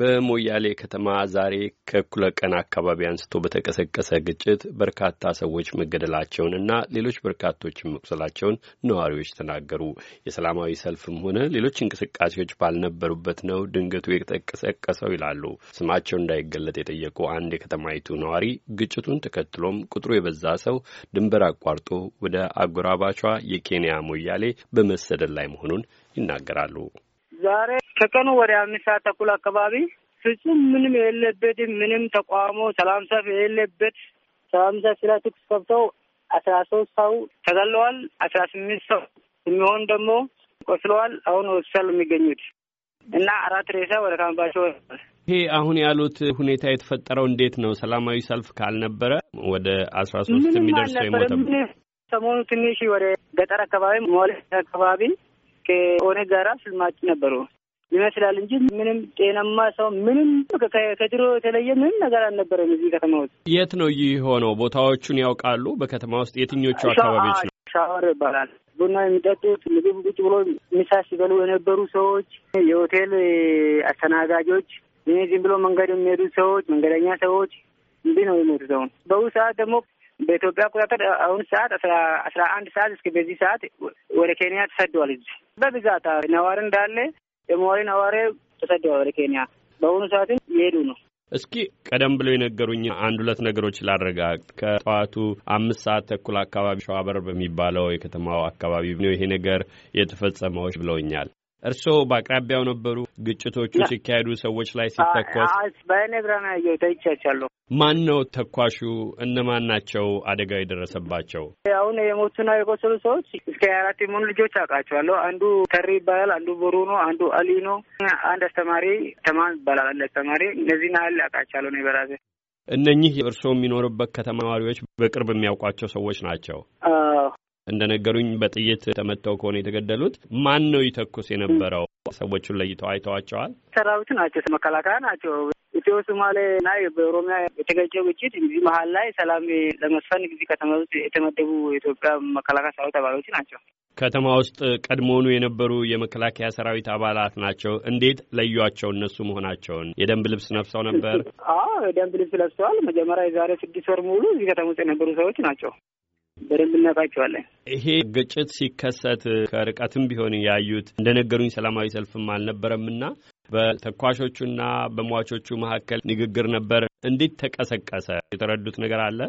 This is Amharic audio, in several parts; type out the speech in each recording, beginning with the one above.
በሞያሌ ከተማ ዛሬ ከእኩለ ቀን አካባቢ አንስቶ በተቀሰቀሰ ግጭት በርካታ ሰዎች መገደላቸውንና ሌሎች በርካቶችን መቁሰላቸውን ነዋሪዎች ተናገሩ። የሰላማዊ ሰልፍም ሆነ ሌሎች እንቅስቃሴዎች ባልነበሩበት ነው ድንገቱ የተቀሰቀሰው ይላሉ ስማቸው እንዳይገለጥ የጠየቁ አንድ የከተማይቱ ነዋሪ። ግጭቱን ተከትሎም ቁጥሩ የበዛ ሰው ድንበር አቋርጦ ወደ አጎራባቿ የኬንያ ሞያሌ በመሰደድ ላይ መሆኑን ይናገራሉ። ዛሬ ከቀኑ ወደ አምስት ሰዓት ተኩል አካባቢ ፍጹም ምንም የሌለበት ምንም ተቋሞ ሰላም ሰፍ የሌለበት ሰላም ሰፍ ላይ ተኩስ ከፍተው አስራ ሶስት ሰው ተገለዋል። አስራ ስምንት ሰው የሚሆን ደግሞ ቆስለዋል። አሁን ሆስፒታል የሚገኙት እና አራት ሬሳ ወደ ካምባቸው ይሄ አሁን ያሉት ሁኔታ የተፈጠረው እንዴት ነው? ሰላማዊ ሰልፍ ካልነበረ ወደ አስራ ሶስት የሚደርሰው የሞተ ሰሞኑ ትንሽ ወደ ገጠር አካባቢ ሞለ አካባቢ ከኦነግ ጋራ ስልማጭ ነበሩ ይመስላል እንጂ ምንም ጤናማ ሰው ምንም ከድሮ የተለየ ምንም ነገር አልነበረም። እዚህ ከተማ ውስጥ የት ነው ይህ የሆነው ቦታዎቹን ያውቃሉ? በከተማ ውስጥ የትኞቹ አካባቢዎች ነው? ሻወር ይባላል። ቡና የሚጠጡት ምግብ ቁጭ ብሎ ምሳ ሲበሉ የነበሩ ሰዎች፣ የሆቴል አስተናጋጆች፣ ዝም ብሎ መንገድ የሚሄዱ ሰዎች፣ መንገደኛ ሰዎች እንዲህ ነው የሞቱት። ሰውን በአሁኑ ሰዓት ደግሞ በኢትዮጵያ አቆጣጠር አሁን ሰዓት አስራ አንድ ሰዓት እስከ በዚህ ሰዓት ወደ ኬንያ ተሰደዋል። እዚህ በብዛት ነዋሪ እንዳለ የመዋሪ ነዋሪ ተሰደዋል ወደ ኬንያ በአሁኑ ሰዓትም እየሄዱ ነው። እስኪ ቀደም ብለው የነገሩኝ አንድ ሁለት ነገሮች ላረጋግጥ። ከጠዋቱ አምስት ሰዓት ተኩል አካባቢ ሸዋበር በሚባለው የከተማው አካባቢ ነው ይሄ ነገር የተፈጸመዎች ብለውኛል። እርስዎ በአቅራቢያው ነበሩ ግጭቶቹ ሲካሄዱ ሰዎች ላይ ሲተኮስ? በነግራና ያየው ማን ነው ተኳሹ? እነማን ናቸው አደጋው የደረሰባቸው? አሁን የሞቱና የቆሰሉ ሰዎች እስከ አራት የሚሆኑ ልጆች አውቃቸዋለሁ። አንዱ ተሪ ይባላል፣ አንዱ ቦሩ ነው፣ አንዱ አሊ ነው፣ አንድ አስተማሪ ተማን ይባላል። አንድ አስተማሪ እነዚህን ያህል አውቃቸዋለሁ ነው በራሴ። እነኚህ እርስዎ የሚኖርበት ከተማ ነዋሪዎች በቅርብ የሚያውቋቸው ሰዎች ናቸው? እንደነገሩኝ በጥይት ተመተው ከሆነ የተገደሉት ማን ነው ይተኩስ የነበረው? ሰዎቹን ለይተው አይተዋቸዋል? ሰራዊት ናቸው፣ መከላከያ ናቸው። ኢትዮ ሶማሌ እና በኦሮሚያ የተገጀው ግጭት እዚህ መሀል ላይ ሰላም ለመስፈን ጊዜ ከተማ ውስጥ የተመደቡ የኢትዮጵያ መከላከያ ሰራዊት አባሎች ናቸው። ከተማ ውስጥ ቀድሞውኑ የነበሩ የመከላከያ ሰራዊት አባላት ናቸው። እንዴት ለዩቸው? እነሱ መሆናቸውን የደንብ ልብስ ለብሰው ነበር። አዎ የደንብ ልብስ ለብሰዋል። መጀመሪያ የዛሬ ስድስት ወር ሙሉ እዚህ ከተማ ውስጥ የነበሩ ሰዎች ናቸው። በደንብ እናውቃቸዋለን። ይሄ ግጭት ሲከሰት ከርቀትም ቢሆን ያዩት እንደነገሩኝ ሰላማዊ ሰልፍም አልነበረምና በተኳሾቹና በሟቾቹ መካከል ንግግር ነበር። እንዴት ተቀሰቀሰ? የተረዱት ነገር አለ?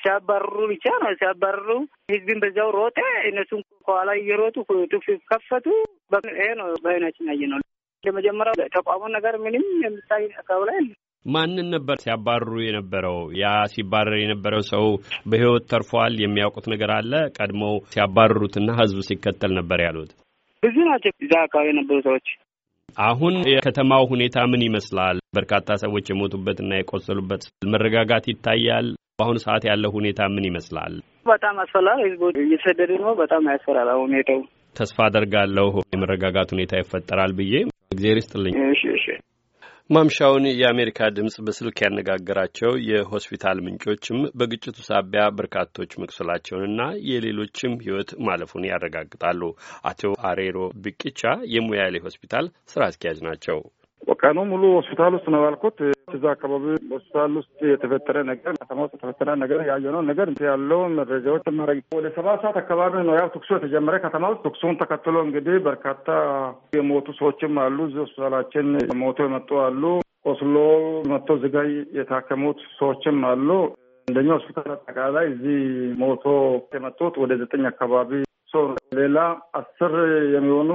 ሲያባርሩ ብቻ ነው። ሲያባርሩ ህዝብን በዛው ሮጠ። እነሱም ከኋላ እየሮጡ ተኩስ ከፈቱ። ይሄ ነው በአይናችን ያየ ነው። ለመጀመሪያ ተቋሙን ነገር ምንም የሚታይ አካባቢ ላይ ማንን ነበር ሲያባርሩ የነበረው? ያ ሲባረር የነበረው ሰው በህይወት ተርፏል? የሚያውቁት ነገር አለ? ቀድሞ ሲያባርሩትና ህዝቡ ሲከተል ነበር ያሉት ብዙ ናቸው፣ እዛ አካባቢ የነበሩ ሰዎች። አሁን የከተማው ሁኔታ ምን ይመስላል? በርካታ ሰዎች የሞቱበትና የቆሰሉበት መረጋጋት ይታያል። በአሁኑ ሰዓት ያለው ሁኔታ ምን ይመስላል? በጣም አስፈላል። ህዝቡ እየተሰደዱ ነው። በጣም ያስፈላል ሁኔታው። ተስፋ አደርጋለሁ የመረጋጋት ሁኔታ ይፈጠራል ብዬ። እግዜር ይስጥልኝ። እሺ እሺ። ማምሻውን የአሜሪካ ድምፅ በስልክ ያነጋገራቸው የሆስፒታል ምንጮችም በግጭቱ ሳቢያ በርካቶች መቁሰላቸውንና የሌሎችም ሕይወት ማለፉን ያረጋግጣሉ። አቶ አሬሮ ብቂቻ የሙያሌ ሆስፒታል ስራ አስኪያጅ ናቸው። ቀኑ ሙሉ ሆስፒታል ውስጥ ነው ያልኩት። እዛ አካባቢ ሆስፒታል ውስጥ የተፈጠረ ነገር ከተማ ውስጥ የተፈጠረ ነገር ያየነውን ነገር ያለው መረጃዎች ማድረግ ወደ ሰባት ሰዓት አካባቢ ነው ያው ትኩሱ የተጀመረ ከተማ ውስጥ። ትኩሱን ተከትሎ እንግዲህ በርካታ የሞቱ ሰዎችም አሉ። እዚህ ሆስፒታላችን ሞቶ የመጡ አሉ። ቆስሎ መጥቶ ዝጋይ የታከሙት ሰዎችም አሉ። እንደኛ ሆስፒታል አጠቃላይ እዚህ ሞቶ የመጡት ወደ ዘጠኝ አካባቢ ሰው ሌላ አስር የሚሆኑ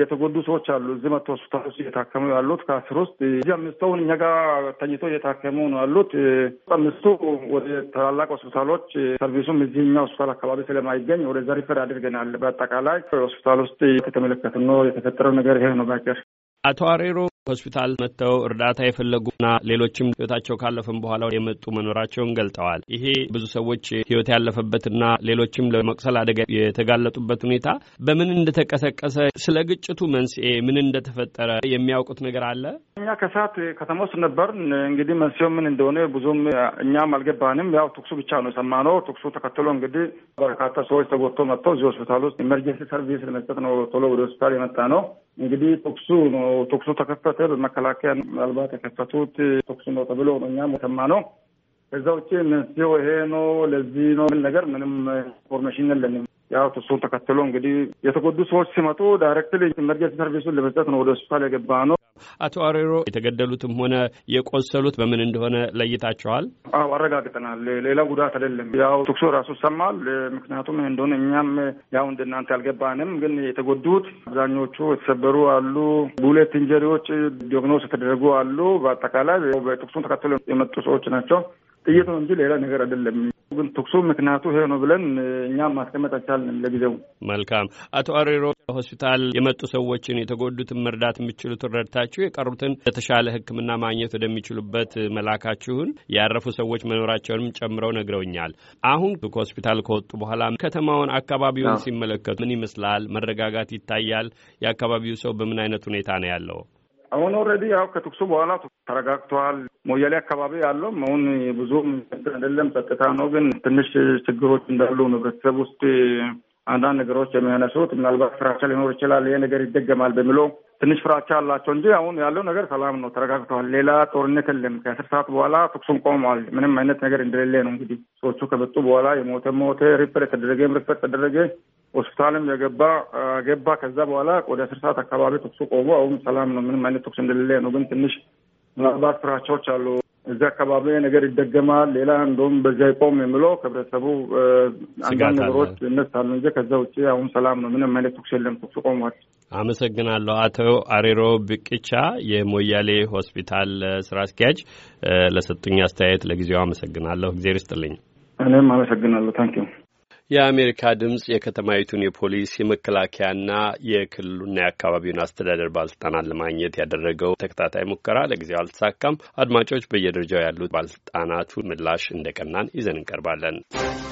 የተጎዱ ሰዎች አሉ። እዚህ መቶ ሆስፒታል ውስጥ እየታከሙ ያሉት ከአስር ውስጥ እዚህ አምስቱን እኛ ጋር ተኝቶ እየታከሙ ነው ያሉት። አምስቱ ወደ ታላላቅ ሆስፒታሎች ሰርቪሱም እዚህኛ ሆስፒታል አካባቢ ስለማይገኝ ወደዛ ሪፈር አድርገናል። በአጠቃላይ ሆስፒታል ውስጥ ከተመለከትን የተፈጠረው ነገር ይሄ ነው ባጭር። አቶ አሬሮ ሆስፒታል መጥተው እርዳታ የፈለጉና ሌሎችም ህይወታቸው ካለፈም በኋላ የመጡ መኖራቸውን ገልጠዋል። ይሄ ብዙ ሰዎች ህይወት ያለፈበትና ሌሎችም ለመቁሰል አደጋ የተጋለጡበት ሁኔታ በምን እንደተቀሰቀሰ፣ ስለ ግጭቱ መንስኤ ምን እንደተፈጠረ የሚያውቁት ነገር አለ? እኛ ከሰዓት ከተማ ውስጥ ነበርን። እንግዲህ መንስኤው ምን እንደሆነ ብዙም እኛም አልገባንም። ያው ትኩሱ ብቻ ነው የሰማነው። ትኩሱ ተከትሎ እንግዲህ በርካታ ሰዎች ተጎድቶ መጥተው እዚህ ሆስፒታል ውስጥ ኢመርጀንሲ ሰርቪስ ለመስጠት ነው ቶሎ ወደ ሆስፒታል የመጣ ነው። እንግዲህ ትኩሱ ነው ትኩሱ ተከፈተ። በመከላከያ ምናልባት የከፈቱት ትኩሱ ነው ተብሎ ነው እኛም የሰማነው። ከዛ ውጭ መንስኤው ይሄ ነው ለዚህ ነው ምን ነገር ምንም ኢንፎርሜሽን የለንም። ያው እሱን ተከትሎ እንግዲህ የተጎዱ ሰዎች ሲመጡ ዳይሬክትሊ ኢመርጀንሲ ሰርቪሱን ለመስጠት ነው ወደ ሆስፒታል የገባ ነው። አቶ አሬሮ የተገደሉትም ሆነ የቆሰሉት በምን እንደሆነ ለይታቸዋል? አዎ አረጋግጠናል። ሌላ ጉዳት አይደለም። ያው ትኩሱ ራሱ ይሰማል። ምክንያቱም እንደሆነ እኛም ያው እንደናንተ አልገባንም። ግን የተጎዱት አብዛኞቹ የተሰበሩ አሉ፣ ቡሌት ኢንጀሪዎች ዲግኖስ የተደረጉ አሉ። በአጠቃላይ በትኩሱን ተከትሎ የመጡ ሰዎች ናቸው። ጥይት ነው እንጂ ሌላ ነገር አይደለም። ግን ትኩሱ ምክንያቱ ይሄ ነው ብለን እኛም ማስቀመጥ አልቻልንም ለጊዜው። መልካም አቶ አሬሮ ሆስፒታል የመጡ ሰዎችን የተጎዱትን መርዳት የምችሉትን ረድታችሁ የቀሩትን ለተሻለ ሕክምና ማግኘት ወደሚችሉበት መላካችሁን ያረፉ ሰዎች መኖራቸውንም ጨምረው ነግረውኛል። አሁን ከሆስፒታል ከወጡ በኋላ ከተማውን አካባቢውን ሲመለከቱ ምን ይመስላል? መረጋጋት ይታያል? የአካባቢው ሰው በምን አይነት ሁኔታ ነው ያለው? አሁን ኦልሬዲ ያው ከትኩሱ በኋላ ተረጋግተዋል። ሞያሌ አካባቢ ያለውም አሁን ብዙም ችግር አይደለም፣ ጸጥታ ነው። ግን ትንሽ ችግሮች እንዳሉ ህብረተሰብ ውስጥ አንዳንድ ነገሮች የሚያነሱት ምናልባት ፍራቻ ሊኖር ይችላል፣ ይሄ ነገር ይደገማል በሚለው ትንሽ ፍራቻ አላቸው እንጂ አሁን ያለው ነገር ሰላም ነው፣ ተረጋግተዋል። ሌላ ጦርነት የለም። ከአስር ሰዓት በኋላ ተኩሱም ቆመዋል። ምንም አይነት ነገር እንደሌለ ነው። እንግዲህ ሰዎቹ ከመጡ በኋላ የሞተ ሞተ፣ ሪፈር የተደረገም ሪፐር ተደረገ፣ ሆስፒታልም የገባ ገባ። ከዛ በኋላ ወደ አስር ሰዓት አካባቢ ተኩሱ ቆሞ አሁን ሰላም ነው። ምንም አይነት ተኩስ እንደሌለ ነው። ግን ትንሽ ምናልባት ፍራቻዎች አሉ። እዚህ አካባቢ ነገር ይደገማል፣ ሌላ እንደውም በዚያ ይቆም የምለው ከህብረተሰቡ አንዳንድ ነገሮች ይነሳሉ እንጂ ከዛ ውጭ አሁን ሰላም ነው። ምንም አይነት ተኩስ የለም። ተኩሱ ቆሟል። አመሰግናለሁ። አቶ አሬሮ ብቅቻ የሞያሌ ሆስፒታል ስራ አስኪያጅ ለሰጡኝ አስተያየት ለጊዜው አመሰግናለሁ። እግዜር ይስጥልኝ። እኔም አመሰግናለሁ። ታንክ የአሜሪካ ድምፅ የከተማይቱን የፖሊስ የመከላከያና የክልሉና የአካባቢውን አስተዳደር ባለስልጣናት ለማግኘት ያደረገው ተከታታይ ሙከራ ለጊዜው አልተሳካም። አድማጮች፣ በየደረጃው ያሉት ባለስልጣናቱ ምላሽ እንደቀናን ይዘን እንቀርባለን።